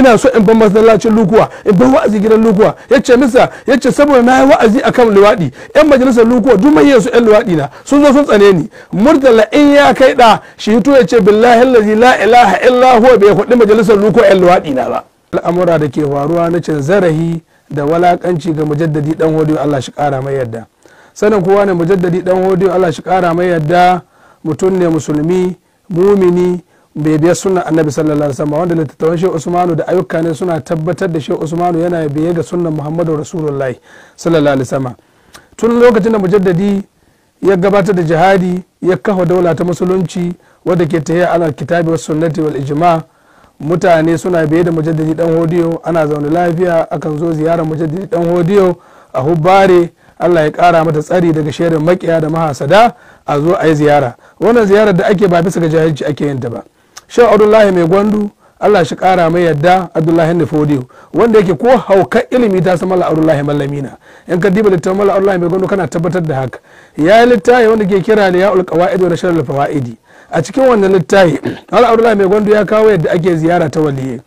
ina so in ban masallacin lukuwa in ban wa'azi gidan lukuwa yace misa yace saboda na yi wa'azi a kan luwaɗi yan majalisar lukuwa duk mai yansu yan luwaɗi na sun zo sun tsane ni murtala in ya kai da shi hito yace billahi allazi la ilaha illa huwa bai faɗi majalisar lukuwa yan luwaɗi na ba al'amura da ke faruwa na cin zarahi da walakanci ga mujaddadi dan hodiyo Allah shi kara mai yadda sanin kowa ne mujaddadi dan hodiyo Allah shi kara mai yadda mutum ne musulmi mumini bai suna annabi sallallahu alaihi wasallam wanda littattafan shehu usmanu da ayyuka ne suna tabbatar da shehu usmanu yana biye ga sunan muhammadu rasulullahi sallallahu alaihi wasallam tun lokacin da mujaddadi ya gabatar da jihadi ya kafa daula ta musulunci wadda ke tahiya ala kitabi was sunnati wal ijma mutane suna biye da mujaddadi dan hodiyo ana zaune lafiya akan zo ziyara mujaddadi dan hodiyo a hubbare Allah ya kara mata tsari daga shirin makiya da mahasada a zo a yi ziyara wannan ziyarar da ake ba bisa ga jahilci ake yin ta ba shan abdullahi mai gwandu allah shi kara mai yadda abdullahi da fodiyo wanda yake ko hauka ilimi ta sama la abdullahi mallamina in ka diba littafin mala abdullahi mai gwandu kana tabbatar da haka ya yi littafi wanda ke kira da ya'ul qawaid wa sharhul wa'idi. a cikin wannan littafi mala abdullahi mai gwandu ya kawo yadda ake ziyara ta waliyi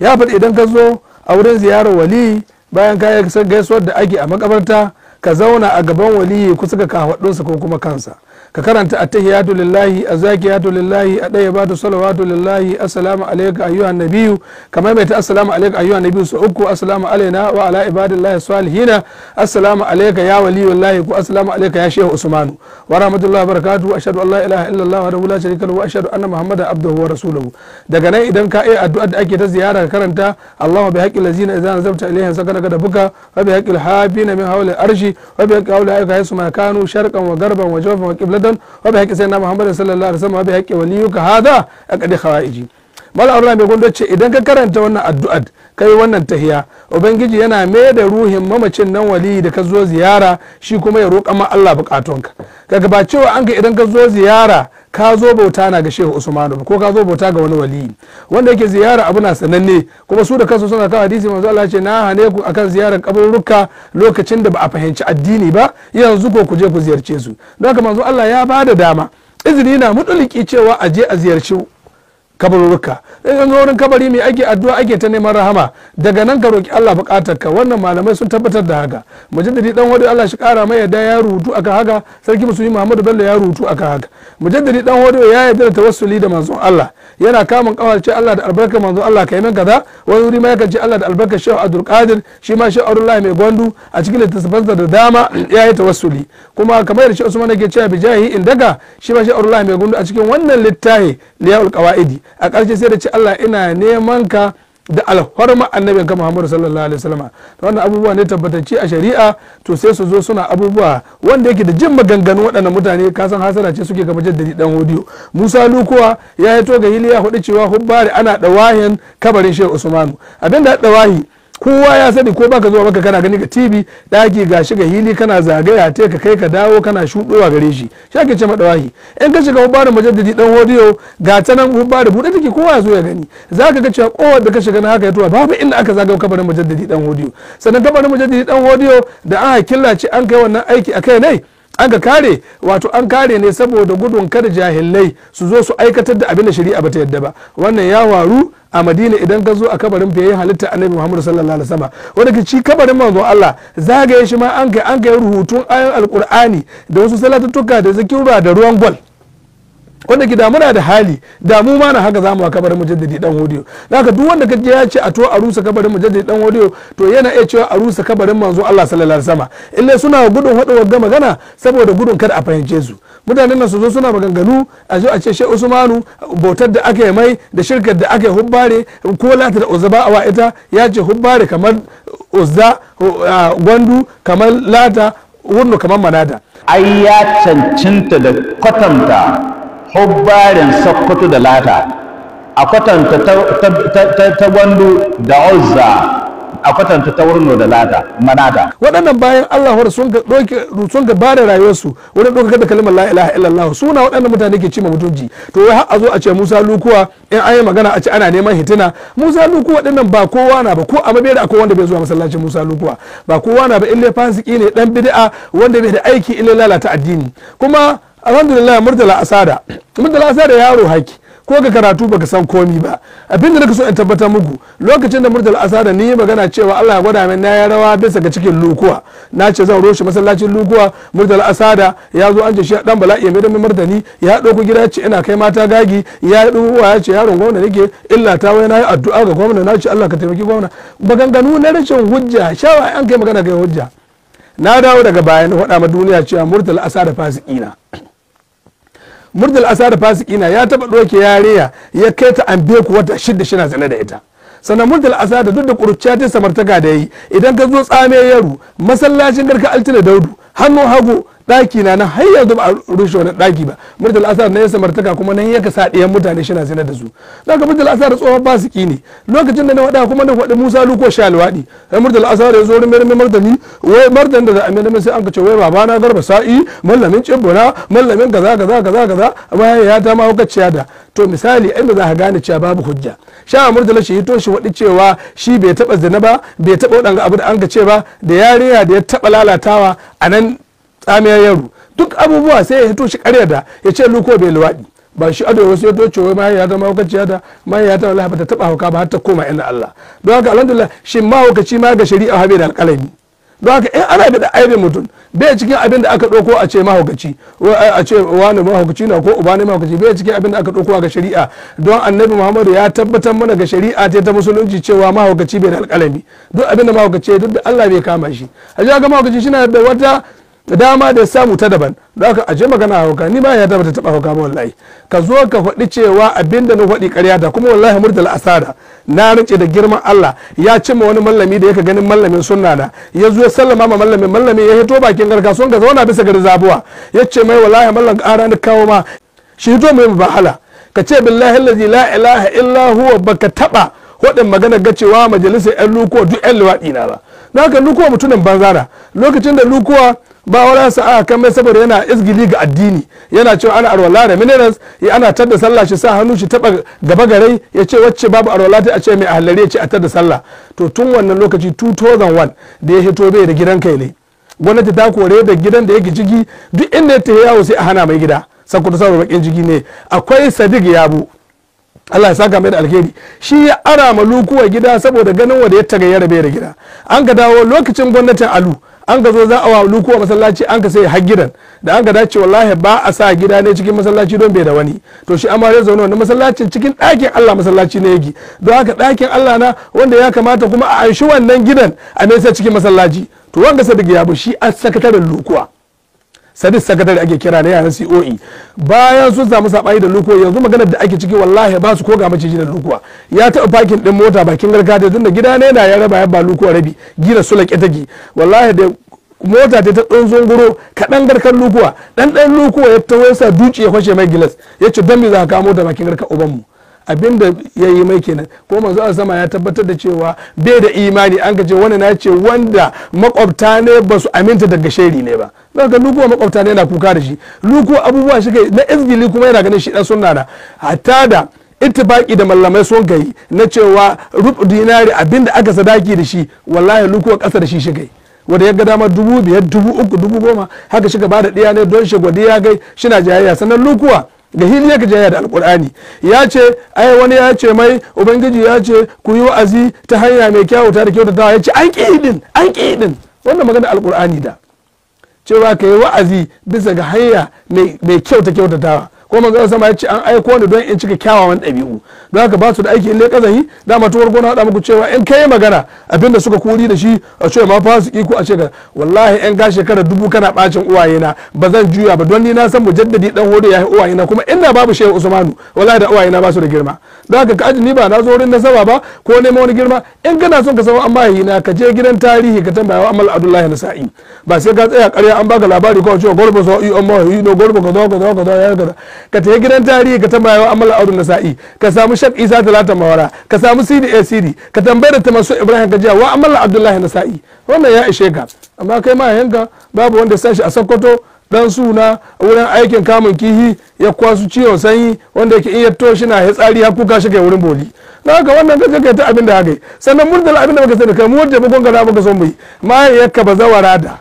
ya faɗi idan ka zo a wurin ziyarar waliyi bayan kayan gaisuwar da ake a makabarta ka zauna a gaban waliyi kusa ga kafaɗunsa ko kuma kansa ka karanta a attahiyatu lillahi azakiyatu lillahi adayibatu salawatu lillahi assalamu alaikum ayyuhan nabiyyu kamar mai ta assalamu alaikum ayyuhan Nabiyu su uku assalamu alaina wa ala ibadillahi salihina assalamu alaikum ya waliyullahi ko assalamu alaikum ya shehu usmanu wa rahmatullahi wa barakatuhu ashhadu an la ilaha illallah wa la sharika lahu wa ashhadu anna muhammadan abduhu wa rasuluhu daga nan idan ka iya addu'a da ake ta ziyara ka karanta allahumma bihaqqi allazina idza nazabta ilayhim sakanaka da buka wa bihaqqi alhabina min hawli arshi ubangiji wa bi haqqi aula aika yasu ma kanu sharqan wa garban wa jawfan wa qiblatan wa bi haqqi sayyidina muhammadin sallallahu alaihi wasallam wa bi haqqi waliyuka hada aqdi khawaiji mala Allah mai gondo ce idan ka karanta wannan addu'ar kai wannan tahiya ubangiji yana mai da ruhin mamacin nan wali da ka zo ziyara shi kuma ya roƙa ma Allah bukatunka kaga ba cewa an anka idan ka zo ziyara ka zo bauta na ga shehu usmanu ko ka zo bauta ga wani wali wanda yake ziyara abu na sananne kuma su da kansu suna kawo hadisi manzo Allah ce na hane ku akan ziyarar kaburruka lokacin da ba a fahimci addini ba yanzu ko ku je ku ziyarce su don haka manzo Allah ya ba da dama izini na mutuliki cewa a je a ziyarci kabarurruka in wurin kabari mai ake addu'a ake ta neman rahama daga nan ka roki Allah ka wannan malamai sun tabbatar da haka mujaddidi dan wadi Allah shi kara mai yadda ya rubutu akan haka sarki musulmi Muhammadu Bello ya rubutu akan haka mujaddadi dan wadi ya yarda da tawassuli da manzon Allah yana kamun kawarce Allah da albarkar manzon Allah kai min kaza wani wuri ma yakan ce Allah da albarkar Sheikh Abdul Qadir shi ma Sheikh Abdullahi mai gwandu a cikin littafin da dama ya yi tawassuli kuma kamar yadda Sheikh Usman yake cewa bijahi indaga shi ma Sheikh Abdullahi mai gwandu a cikin wannan littafi Liyaul Qawaidi a ƙarshe sai da ci Allah ina neman ka da alhorma annabin ka Muhammadu sallallahu alaihi wasallam to wannan abubuwa ne tabbatacci a shari'a to sai su zo suna abubuwa wanda yake da jin maganganun waɗannan mutane ka san hasara ce suke kamar jaddadi dan hodiyo Musa Lukuwa ya yi to ga Hiliya hudu cewa hubbari ana dawahin kabarin Sheikh Usmanu abinda dawahi kowa ya sani ko baka zuwa baka kana gani ga tv daki gashi ga hili kana zagaya te ka kai ka dawo kana shudowa gare shi shake ce madawahi in ka shiga hubbarin majaddadi dan hodiyo ga ta nan hubbarin bude take kowa ya zo ya gani zaka ga cewa kowa da ka shiga na haka ya tuwa babu inda aka zaga kabarin majaddadi dan hodiyo sannan kabarin majaddadi dan hodiyo da an killace an kai wannan aiki akai ne an ka kare wato an kare ne saboda gudun kada jahilai su zo su aikatar da abin da shari'a bata yadda ba wannan ya waru a madina idan ka zo a kabarin fiye halitta annabi muhammadu sallallahu alaihi wasallam wanda ke ci kabarin manzon allah zagaye shi ma an kai an kai rubutun ayoyin alkur'ani da wasu salatattuka da zakirura da ruwan gwal wanda ki muna da hali da mu ma na haka zamu a kabarin mujaddadi dan haka duk wanda kaje ya ce a to a rusa kabarin mujaddadi dan hodiyo to yana iya cewa a rusa kabarin manzo Allah sallallahu alaihi wasallam inne suna gudun hada wa magana saboda gudun kada a fahimce su mutanen nan su zo suna maganganu a zo a ce shehu usmanu bautar da aka mai da shirkar da aka yi hubbare ko latar da a ita ya ce hubbare kamar uzza gwandu kamar lata wannan kamar manada ai ya cancanta da kwatanta hubbarin sakkwato da lata a kwatanta ta gwandu da uzza a kwatanta ta wurno da lata manata waɗannan bayan Allah sun ga bada rayuwarsu wurin ɗaukar da kalmar la ilaha illallah suna waɗannan mutane ke cima mutunci to wai har a zo a ce Musa Lukuwa in an yi magana a ce ana neman hitina Musa Lukuwa ɗinnan ba kowa na ba ko a mabera akwai wanda bai zuwa masallacin Musa Lukuwa ba kowa na ba ille fasiki ne dan bid'a wanda bai da aiki ille lalata addini kuma alhamdulillah murtala asada murtala asada yaro haki ko ka karatu baka san komi ba Abinda da nake so in tabbatar muku lokacin da murtala asada ni magana cewa Allah ya gwada min na ya rawa bisa ga cikin lukuwa na ce zan roshe masallacin lukuwa murtala asada ya zo an ji shi dan bala'i ya mai murtani. ya dauko gida ya ce ina kai mata gagi ya duwa ya ce yaron gwamna nake illa ta wai nayi addu'a ga gwamna na ce Allah ka taimaki gwamna ganganu na rashin hujja shawa an kai magana kai hujja na dawo daga baya na faɗa ma duniya cewa murtala asa da fasikina murtal asa da fasikina ya taɓa ɗauke yariya ya kai ta an beku wata shidda shina zane da ita sannan murtala asa da duk da ƙuruciya ta samartaka da yi idan ka zo tsame yaro masallacin garka altina daudu hannun hagu daki na nan har yanzu ba a rushe wani daki ba murtala asar na ya samartaka kuma nan ya kasa ɗiyan mutane shi na zina da su daga murtala asar tsohon fasiki ne lokacin da na waɗa kuma na waɗa musa luko sha alwaɗi sai murtala asar ya zo rume mai martani wai martani da za a mai sai an ka ce wai babana garba sa'i mallamin cibbona mallamin kaza kaza kaza kaza bayan ya ta ma ciya da to misali inda za ka gane cewa babu hujja sha murtala shi to shi waɗi cewa shi bai taɓa zina ba bai taɓa waɗanga abu da an ka ce ba da yariya da ya taɓa lalatawa a nan tsamiya yaro duk abubuwa sai ya hito shi karya da ya ce luko bai luwaɗi ba shi ado wasu ya doce wai mahaiya ta ya ta mahaiya ta wallahi bata taba hauka ba har ta koma ina Allah don haka alhamdulillah shi mahaukaci ma ga shari'a habe da alƙalami don haka in ana bi da aibin mutum bai cikin abin da aka ɗauko a ce mahaukaci a ce wani mahaukaci na ko uba ne mahaukaci bai cikin abin da aka ɗauko ga shari'a don annabi muhammadu ya tabbatar mana ga shari'a ta ta musulunci cewa mahaukaci bai da alƙalami duk abin da mahaukaci duk da allah bai kama shi a ga mahaukaci shi na da wata da dama da samu ta daban don haka aje magana hauka ni ba ya taba ta taba hauka ba wallahi ka zo ka faɗi cewa da na faɗi ƙarya da kuma wallahi murtal asara na rance da girman Allah ya cimma wani mallami da yake ganin mallamin sunna na ya zo ya sallama ma mallamin mallamin ya hito bakin garka sun ka zauna bisa garin zabuwa ya ce mai wallahi mallan ƙara ni kawo ma shi hito mai bahala ka ce billahi allazi la ilaha illa huwa baka taba waɗin magana ga cewa majalisar 'yan lukuwa duk 'yan luwaɗi na ba na haka lukuwa mutumin banzara lokacin da lukuwa ba wala sa aka kan mai saboda yana izgili ga addini yana cewa ana arwala da minerals ya ana tadda sallah shi sa hannu shi taba gaba garai ya ce wacce babu arwala ta a ce mai a ya ce a tadda sallah to tun wannan lokaci 2001 da ya hito bai da gidan kai ne gwamnati ta kore da gidan da ya yake jigi duk inda ya tafi yawo sai a hana mai gida sakuta saboda bakin jiki ne akwai sadiq yabu Allah ya saka mai da alheri shi ya ara malukuwa gida saboda ganin wanda ya tagayyara bai da gida an ga dawo lokacin gwamnatin alu an ka zo za a walu lukuwa masallaci an ka sai har gidan da an ka dace wallahi ba a sa gida ne cikin masallaci don bai da wani to shi amma ya zaune wani masallacin cikin ɗakin Allah masallaci ne yake don haka ɗakin Allah na wanda ya kamata kuma a anshi wannan gidan a nesa cikin masallaci to wanda sadiq ya bu shi a sakataren lukuwa sadis sakatari ake kira na yaran COE bayan sun samu sabani da luko yanzu magana da ake ciki wallahi ba su ko ga maciji da lukuwa ya taɓa fakin din mota bakin gargajiya tun da gida ne na ya raba ya ba lukuwa rabi gina su laƙe wallahi da mota ta ɗan zunguro kaɗan garkar lukuwa ɗan ɗan lukuwa ya tawo sa duci ya kwashe mai gilas ya ce don me za ka kawo mota bakin garkar mu abinda ya yi mai kenan ko manzo a sama ya tabbatar da cewa bai da imani an ce wani na ce wanda makwabta ne ba su aminta daga shari ne ba zaka ka lukuwa makwabta ne yana kuka da shi lukuwa abubuwa shi kai na izgili kuma yana ganin shi dan sunna na hatta da ittifaki da mallamai sun kai na cewa rubu dinari abinda aka sadaki da shi wallahi lukuwa kasa da shi shi kai wanda ya ga dama dubu biyar dubu uku dubu goma haka shi ka bada ɗiya ne don shi gwadi ya kai shi na jayayya sannan lukuwa da hili ka jaya da alkur'ani ya ce ai wani ya ce mai ubangiji ya ce ku yi wa'azi ta hanya mai kyawuta ta da kyautatawa ya ce an ƙiɗin an ƙiɗin din wannan magana alkur'ani da cewa ka yi wa'azi bisa ga hanya mai kyau ta kyautatawa ko manzo sama ya ce an aiko ni don in cika kyawawan ɗabi'u don haka ba su da aiki in dai kazani dama tuwar gona da muku cewa in kai magana abinda suka kuri da shi a ce ma su ko a ce wallahi in ga shekara dubu kana bacin uwaye na ba zan juya ba don ni na san mujaddadi dan hodo ya uwaye na kuma inda babu shehu usmanu wallahi da uwaye na ba su da girma don haka ka aji ni ba na zo wurin nasaba ba ko neman wani girma in kana son ka samu amma na ka je gidan tarihi ka tambaya amal abdullahi nasa'i ba sai ka tsaya ƙarya an baka labari ko cewa gurbin sa'i amma yi no gurbin ka zo ka zo ka zo ya ka tafi gidan tarihi ka tambaya wa amal na sa'i ka samu shak isa talata mawara ka samu sidi a sidi ka tambayar da tamasu ibrahim gajiya wa amal abdullahi sai wannan ya ishe ka amma kai ma yanka babu wanda san shi a sokoto dan suna wurin aikin kamun kihi ya kwasu ciwon sanyi wanda yake iya toshi na ya tsari har kuka shi kai wurin boli na haka wannan kaje kai ta abin da haka sannan murtala abin da baka sani kai mu wanda bakon ga da baka son mu yi ma yakka bazawara da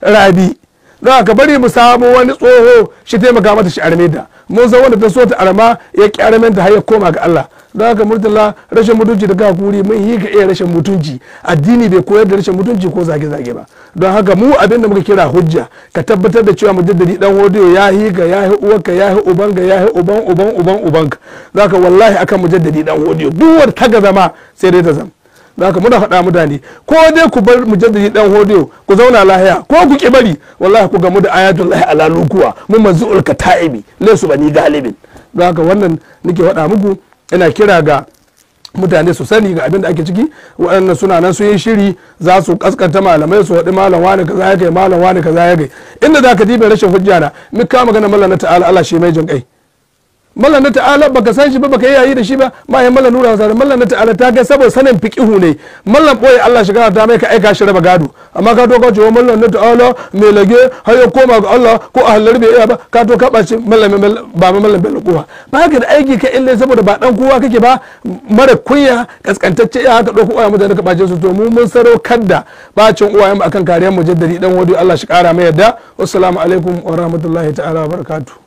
rabi don ka bari mu samu wani tsoho shi taimaka mata shi arme mun san wanda ta so ta arama ya ki armen ta har ya koma ga Allah don haka murtala rashin mutunci da ka kuri mun yi ka iya rashin mutunci addini bai koyar da rashin mutunci ko zage zage ba don haka mu abin da muka kira hujja ka tabbatar da cewa mujaddadi dan hodiyo ya yi ga ya yi uwarka ya yi ubanga ya yi uban uban uban uban ka don haka wallahi akan mujaddadi dan hodiyo duk wanda ta ga zama sai dai ta zama da haka muna faɗa mutane ko dai ku bar mujaddadi dan hodiyo ku zauna lahiya ko ku ki bari wallahi ku gamu da ayatul lahi ala lukuwa mun ulka ta'ibi laysu bani galibin da haka wannan nake faɗa muku ina kira ga mutane su sani ga abin da ake ciki waɗannan suna nan su yi shiri za su kaskanta malamai su haɗu malam wani kaza ya kai malam wani kaza ya kai inda za ka dibe rashin hujja na mika magana mallan na ta'ala Allah shi mai jin kai mallan na ta'ala baka san shi ba baka yi yayi da shi ba ba ya mallan nura sa mallan na ta'ala ta ga saboda sanin fiqihu ne mallan boye Allah shiga ta mai ka aika shi raba gado amma ka to ka ce mallan na ta'ala me lage har ya koma ga Allah ko ahlar bai ya ba ka to ka bace mallan ba mallan bai kuwa ba ka da aiki ka illa saboda ba dan kowa kake ba mara kunya kaskantacce ya haka dauko uwaye mutane ka bace su to mu mun saro kadda bacin uwayen mu akan kariyar mujaddadi dan wadi Allah shi kara mai yadda assalamu alaikum wa rahmatullahi ta'ala wa barakatuh